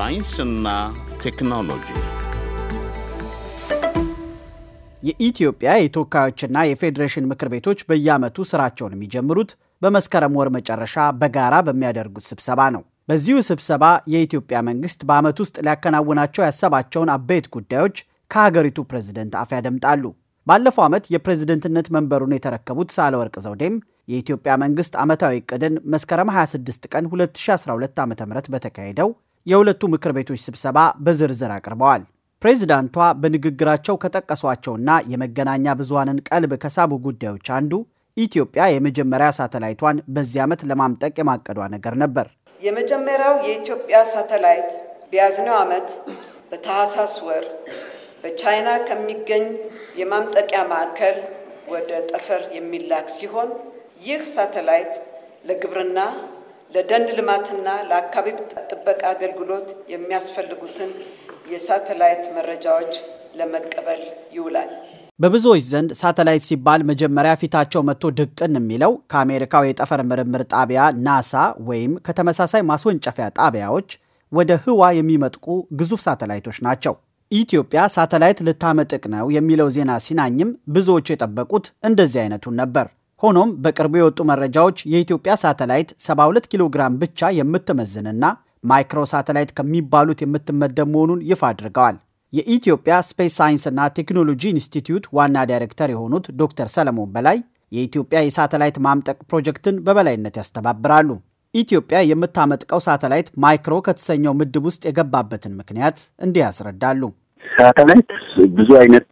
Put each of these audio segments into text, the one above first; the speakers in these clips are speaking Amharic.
ሳይንስና ቴክኖሎጂ የኢትዮጵያ የተወካዮችና የፌዴሬሽን ምክር ቤቶች በየዓመቱ ስራቸውን የሚጀምሩት በመስከረም ወር መጨረሻ በጋራ በሚያደርጉት ስብሰባ ነው። በዚሁ ስብሰባ የኢትዮጵያ መንግስት በዓመት ውስጥ ሊያከናውናቸው ያሰባቸውን አበይት ጉዳዮች ከሀገሪቱ ፕሬዝደንት አፍ ያደምጣሉ። ባለፈው ዓመት የፕሬዝደንትነት መንበሩን የተረከቡት ሳህለወርቅ ዘውዴም የኢትዮጵያ መንግስት ዓመታዊ ቅድን መስከረም 26 ቀን 2012 ዓ ም በተካሄደው የሁለቱ ምክር ቤቶች ስብሰባ በዝርዝር አቅርበዋል። ፕሬዚዳንቷ በንግግራቸው ከጠቀሷቸውና የመገናኛ ብዙሃንን ቀልብ ከሳቡ ጉዳዮች አንዱ ኢትዮጵያ የመጀመሪያ ሳተላይቷን በዚህ ዓመት ለማምጠቅ የማቀዷ ነገር ነበር። የመጀመሪያው የኢትዮጵያ ሳተላይት በያዝነው ዓመት በታህሳስ ወር በቻይና ከሚገኝ የማምጠቂያ ማዕከል ወደ ጠፈር የሚላክ ሲሆን ይህ ሳተላይት ለግብርና ለደን ልማትና ለአካባቢ ጥበቃ አገልግሎት የሚያስፈልጉትን የሳተላይት መረጃዎች ለመቀበል ይውላል። በብዙዎች ዘንድ ሳተላይት ሲባል መጀመሪያ ፊታቸው መጥቶ ድቅን የሚለው ከአሜሪካው የጠፈር ምርምር ጣቢያ ናሳ ወይም ከተመሳሳይ ማስወንጨፊያ ጣቢያዎች ወደ ህዋ የሚመጥቁ ግዙፍ ሳተላይቶች ናቸው። ኢትዮጵያ ሳተላይት ልታመጥቅ ነው የሚለው ዜና ሲናኝም ብዙዎቹ የጠበቁት እንደዚህ አይነቱን ነበር። ሆኖም በቅርቡ የወጡ መረጃዎች የኢትዮጵያ ሳተላይት 72 ኪሎ ግራም ብቻ የምትመዝንና ማይክሮ ሳተላይት ከሚባሉት የምትመደብ መሆኑን ይፋ አድርገዋል። የኢትዮጵያ ስፔስ ሳይንስና ቴክኖሎጂ ኢንስቲትዩት ዋና ዳይሬክተር የሆኑት ዶክተር ሰለሞን በላይ የኢትዮጵያ የሳተላይት ማምጠቅ ፕሮጀክትን በበላይነት ያስተባብራሉ። ኢትዮጵያ የምታመጥቀው ሳተላይት ማይክሮ ከተሰኘው ምድብ ውስጥ የገባበትን ምክንያት እንዲህ ያስረዳሉ። ሳተላይት ብዙ አይነት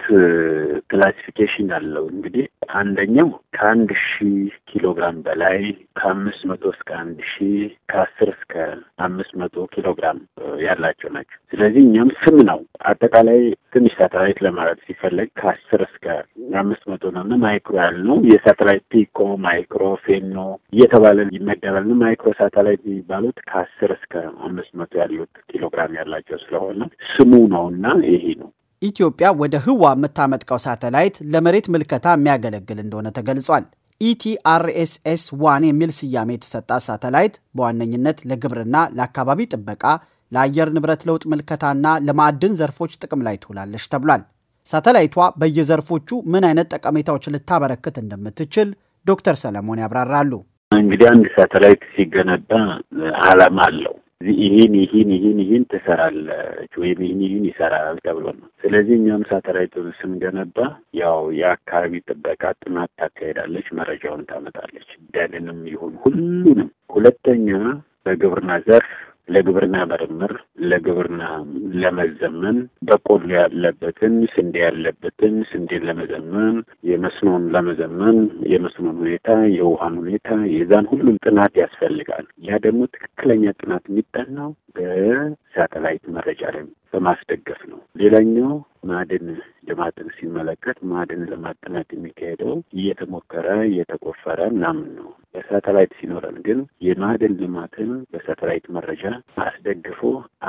ክላሲፊኬሽን አለው። እንግዲህ አንደኛው ከአንድ ሺህ ኪሎ ግራም በላይ ከአምስት መቶ እስከ አንድ ሺህ ከአስር እስከ አምስት መቶ ኪሎ ግራም ያላቸው ናቸው። ስለዚህ እኛም ስም ነው አጠቃላይ ትንሽ ሳተላይት ለማለት ሲፈለግ ከአስር እስከ አምስት መቶ ነው እና ማይክሮ ያልነው የሳተላይት ፒኮ፣ ማይክሮ፣ ፌኖ እየተባለ ይመደባል እና ማይክሮ ሳተላይት የሚባሉት ከአስር እስከ አምስት መቶ ያሉት ኪሎ ግራም ያላቸው ስለሆነ ስሙ ነው እና ይሄ ነው። ኢትዮጵያ ወደ ህዋ የምታመጥቀው ሳተላይት ለመሬት ምልከታ የሚያገለግል እንደሆነ ተገልጿል። ኢቲአርኤስኤስ ዋን የሚል ስያሜ የተሰጣት ሳተላይት በዋነኝነት ለግብርና፣ ለአካባቢ ጥበቃ፣ ለአየር ንብረት ለውጥ ምልከታና ለማዕድን ዘርፎች ጥቅም ላይ ትውላለች ተብሏል። ሳተላይቷ በየዘርፎቹ ምን አይነት ጠቀሜታዎች ልታበረክት እንደምትችል ዶክተር ሰለሞን ያብራራሉ። እንግዲህ አንድ ሳተላይት ሲገነባ ዓላማ አለው። ስለዚህ ይህን ይህን ይህን ይህን ትሰራለች ወይም ይህን ይህን ይሰራል ተብሎ ነው። ስለዚህ እኛም ሳተላይቱን ስንገነባ ያው የአካባቢ ጥበቃ ጥናት ታካሄዳለች፣ መረጃውን ታመጣለች፣ ደንንም ይሁን ሁሉንም። ሁለተኛ በግብርና ዘርፍ ለግብርና ምርምር፣ ለግብርና ለመዘመን በቆሎ ያለበትን ስንዴ ያለበትን ስንዴን ለመዘመን የመስኖን ለመዘመን የመስኖን ሁኔታ የውሃን ሁኔታ የዛን ሁሉም ጥናት ያስፈልጋል። ያ ደግሞ ትክክለኛ ጥናት የሚጠናው በሳተላይት መረጃ ላይ በማስደገፍ ነው። ሌላኛው ማዕድን ልማትን ሲመለከት ማዕድን ለማጠናት የሚካሄደው እየተሞከረ እየተቆፈረ ምናምን ነው። በሳተላይት ሲኖረን ግን የማዕድን ልማትን በሳተላይት መረጃ አስደግፎ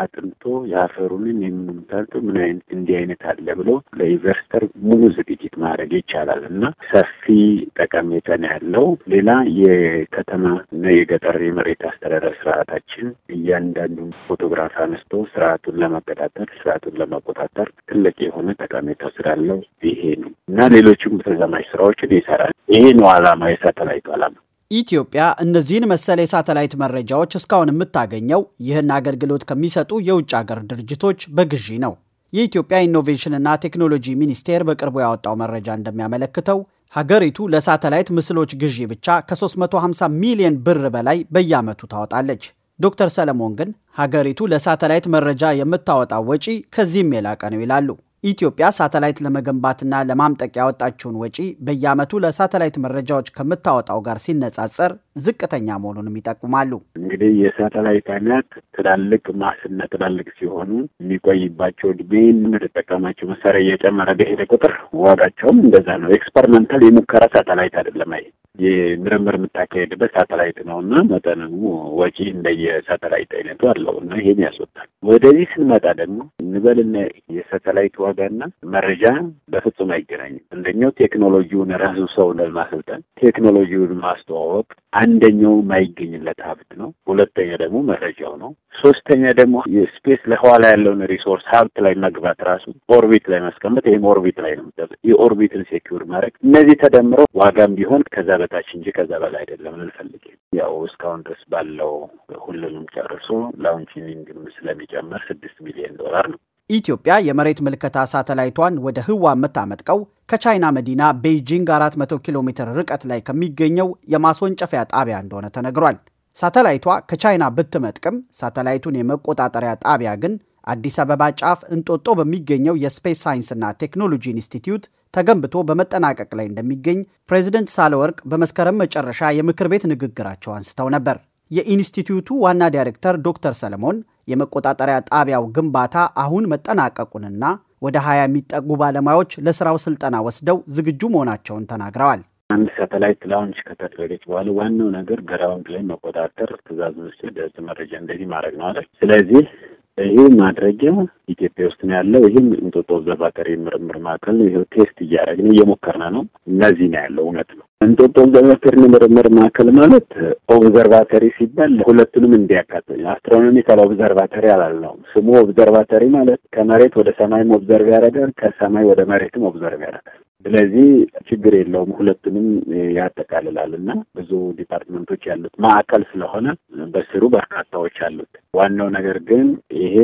አጥንቶ የአፈሩንን የምንምታልቶ ምን አይነት እንዲህ አይነት አለ ብሎ ለኢንቨስተር ሙሉ ዝግጅት ማድረግ ይቻላል እና ሰፊ ጠቀሜታ ነው ያለው። ሌላ የከተማ እና የገጠር የመሬት አስተዳደር ስርዓታችን እያንዳንዱን ፎቶግራፍ አነስቶ ስርዓቱን ለማቀጣጠል ስርዓቱን ለማቆጣጠር ትልቅ የሆነ ጠቀሜታ ስላለው ይሄ ነው እና ሌሎችም በተዛማጅ ስራዎችን ይሰራል። ይሄ ነው አላማ፣ የሳተላይቱ አላማ። ኢትዮጵያ እነዚህን መሰል የሳተላይት መረጃዎች እስካሁን የምታገኘው ይህን አገልግሎት ከሚሰጡ የውጭ ሀገር ድርጅቶች በግዢ ነው። የኢትዮጵያ ኢኖቬሽንና ቴክኖሎጂ ሚኒስቴር በቅርቡ ያወጣው መረጃ እንደሚያመለክተው ሀገሪቱ ለሳተላይት ምስሎች ግዢ ብቻ ከ350 ሚሊዮን ብር በላይ በየዓመቱ ታወጣለች። ዶክተር ሰለሞን ግን ሀገሪቱ ለሳተላይት መረጃ የምታወጣው ወጪ ከዚህም የላቀ ነው ይላሉ። ኢትዮጵያ ሳተላይት ለመገንባትና ለማምጠቅ ያወጣችውን ወጪ በየዓመቱ ለሳተላይት መረጃዎች ከምታወጣው ጋር ሲነጻጸር ዝቅተኛ መሆኑንም ይጠቁማሉ። እንግዲህ የሳተላይት አይነት ትላልቅ ማስና ትላልቅ ሲሆኑ የሚቆይባቸው እድሜን የምንጠቀማቸው መሳሪያ እየጨመረ በሄደ ቁጥር ዋጋቸውም እንደዛ ነው። ኤክስፐሪመንታል የሙከራ ሳተላይት አይደለም። አይ የምርምር የምታካሄድበት ሳተላይት ነው እና መጠኑ ወጪ ሳተላይት አይነቱ አለው እና ይሄን ያስወጣል። ወደዚህ ስንመጣ ደግሞ እንበልና የሳተላይት ዋጋና መረጃ በፍጹም አይገናኝም። አንደኛው ቴክኖሎጂውን ራሱ ሰው ለማሰልጠን ቴክኖሎጂውን ማስተዋወቅ አንደኛው ማይገኝለት ሀብት ነው። ሁለተኛ ደግሞ መረጃው ነው። ሶስተኛ ደግሞ የስፔስ ለኋላ ያለውን ሪሶርስ ሀብት ላይ መግባት ራሱ ኦርቢት ላይ ማስቀመጥ ይህም ኦርቢት ላይ ነው የኦርቢትን ሴኪውር ማድረግ እነዚህ ተደምረው ዋጋም ቢሆን ከዛ በታች እንጂ ከዛ በላይ አይደለም ልንፈልግ ያው እስካሁን ድረስ ባለው ሁሉንም ጨርሶ ላውንቺንግም ስለሚጨምር ስድስት ሚሊዮን ዶላር ነው። ኢትዮጵያ የመሬት ምልከታ ሳተላይቷን ወደ ህዋ የምታመጥቀው ከቻይና መዲና ቤይጂንግ 400 ኪሎ ሜትር ርቀት ላይ ከሚገኘው የማስወንጨፊያ ጣቢያ እንደሆነ ተነግሯል። ሳተላይቷ ከቻይና ብትመጥቅም ሳተላይቱን የመቆጣጠሪያ ጣቢያ ግን አዲስ አበባ ጫፍ እንጦጦ በሚገኘው የስፔስ ሳይንስና ቴክኖሎጂ ኢንስቲትዩት ተገንብቶ በመጠናቀቅ ላይ እንደሚገኝ ፕሬዚደንት ሳለወርቅ በመስከረም መጨረሻ የምክር ቤት ንግግራቸው አንስተው ነበር። የኢንስቲትዩቱ ዋና ዳይሬክተር ዶክተር ሰለሞን የመቆጣጠሪያ ጣቢያው ግንባታ አሁን መጠናቀቁንና ወደ 20 የሚጠጉ ባለሙያዎች ለስራው ስልጠና ወስደው ዝግጁ መሆናቸውን ተናግረዋል። አንድ ሳተላይት ላውንች ከተደረገች በኋላ ዋናው ነገር ግራውንድ ላይ መቆጣጠር፣ ትእዛዝ መስጠት፣ መረጃ እንደዚህ ማድረግ ነው አለ። ስለዚህ ይህ ማድረጊያ ኢትዮጵያ ውስጥ ነው ያለው። ይህም እንጦጦ ኦብዘርቫተሪ ምርምር ማዕከል ይሄው ቴስት እያደረግን እየሞከርን ነው። እነዚህ ነው ያለው እውነት ነው። እንጦጦ ኦብዘርቫተሪ ምርምር ማዕከል ማለት ኦብዘርቫተሪ ሲባል ሁለቱንም እንዲያካት አስትሮኖሚካል ኦብዘርቫተሪ አላልነውም። ስሙ ኦብዘርቫተሪ ማለት ከመሬት ወደ ሰማይም ኦብዘርቭ ያደርጋል፣ ከሰማይ ወደ መሬትም ኦብዘርቭ ያደርጋል። ስለዚህ ችግር የለውም። ሁለቱንም ያጠቃልላል እና ብዙ ዲፓርትመንቶች ያሉት ማዕከል ስለሆነ በስሩ በርካታዎች አሉት። ዋናው ነገር ግን ይሄ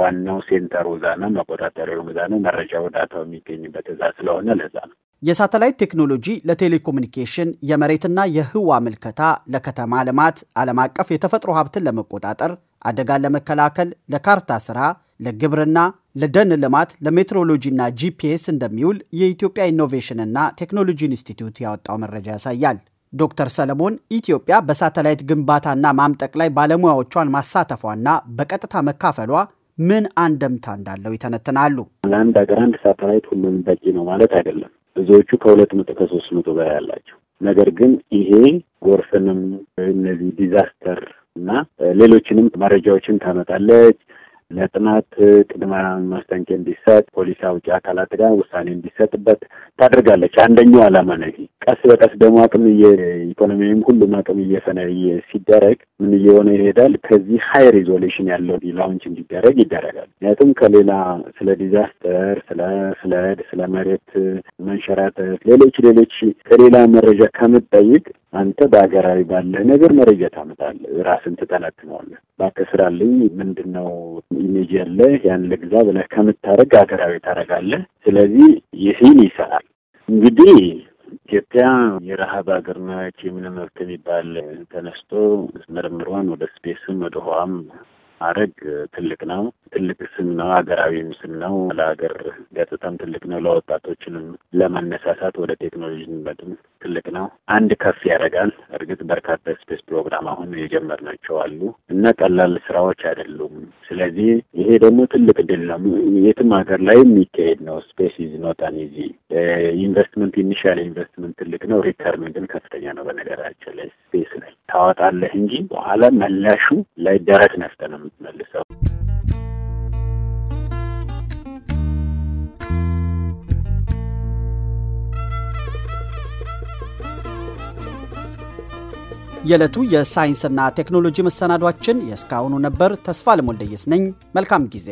ዋናው ሴንተሩ እዛ ነው፣ መቆጣጠሪያው እዛ ነው፣ መረጃው ዳታው የሚገኝበት እዛ ስለሆነ ለዛ ነው። የሳተላይት ቴክኖሎጂ ለቴሌኮሙኒኬሽን፣ የመሬትና የህዋ ምልከታ፣ ለከተማ ልማት፣ ዓለም አቀፍ የተፈጥሮ ሀብትን ለመቆጣጠር፣ አደጋን ለመከላከል፣ ለካርታ ስራ ለግብርና፣ ለደን ልማት፣ ለሜትሮሎጂና ጂፒኤስ እንደሚውል የኢትዮጵያ ኢኖቬሽንና ቴክኖሎጂ ኢንስቲትዩት ያወጣው መረጃ ያሳያል። ዶክተር ሰለሞን ኢትዮጵያ በሳተላይት ግንባታና ማምጠቅ ላይ ባለሙያዎቿን ማሳተፏና በቀጥታ መካፈሏ ምን አንደምታ እንዳለው ይተነትናሉ። ለአንድ ሀገር አንድ ሳተላይት ሁሉም በቂ ነው ማለት አይደለም። ብዙዎቹ ከሁለት መቶ ከሶስት መቶ በላይ ያላቸው ነገር ግን ይሄ ጎርፍንም እነዚህ ዲዛስተር እና ሌሎችንም መረጃዎችን ታመጣለች። ለጥናት ቅድመ ማስጠንቀቂያ እንዲሰጥ ፖሊስ አውጪ አካላት ጋር ውሳኔ እንዲሰጥበት ታደርጋለች። አንደኛው ዓላማ ነው ይሄ። ቀስ በቀስ ደግሞ አቅም የኢኮኖሚም ሁሉም አቅም እየሰነየ ሲደረግ ምን እየሆነ ይሄዳል? ከዚህ ሀይ ሪዞሉሽን ያለው ላውንች እንዲደረግ ይደረጋል። ምክንያቱም ከሌላ ስለ ዲዛስተር፣ ስለ ፍለድ፣ ስለ መሬት መንሸራተት፣ ሌሎች ሌሎች ከሌላ መረጃ ከምጠይቅ አንተ በሀገራዊ ባለህ ነገር መረጃ ታመጣለህ፣ ራስን ትጠነጥነዋለህ። እባክህ ስራልኝ ምንድን ነው ኢሜጅ ያለህ ያን ልግዛ ብለህ ከምታደርግ ሀገራዊ ታደርጋለህ። ስለዚህ ይህን ይሰራል እንግዲህ ኢትዮጵያ የረሀብ ሀገር ነች የምንመብት የሚባል ተነስቶ ምርምሯን ወደ ስፔስም ወደ ውሃም ማድረግ ትልቅ ነው። ትልቅ ስም ነው። ሀገራዊም ስም ነው። ለሀገር ገጽታም ትልቅ ነው። ለወጣቶችንም ለማነሳሳት ወደ ቴክኖሎጂ መድም ትልቅ ነው። አንድ ከፍ ያደርጋል። እርግጥ በርካታ ስፔስ ፕሮግራም አሁን የጀመርናቸው አሉ እና ቀላል ስራዎች አይደሉም። ስለዚህ ይሄ ደግሞ ትልቅ ድል ነው። የትም ሀገር ላይ የሚካሄድ ነው። ስፔስ ኢዝ ኖት አን ኢዚ ኢንቨስትመንት፣ ኢኒሻል ኢንቨስትመንት ትልቅ ነው። ሪተርን ግን ከፍተኛ ነው። በነገራችን ላይ ስፔስ ላይ ታወጣለህ እንጂ በኋላ መላሹ ላይ ደረት ነፍተህ ነው የምትመልሰው። የዕለቱ የሳይንስና ቴክኖሎጂ መሰናዷችን የእስካሁኑ ነበር። ተስፋ ለሞልደየስ ነኝ። መልካም ጊዜ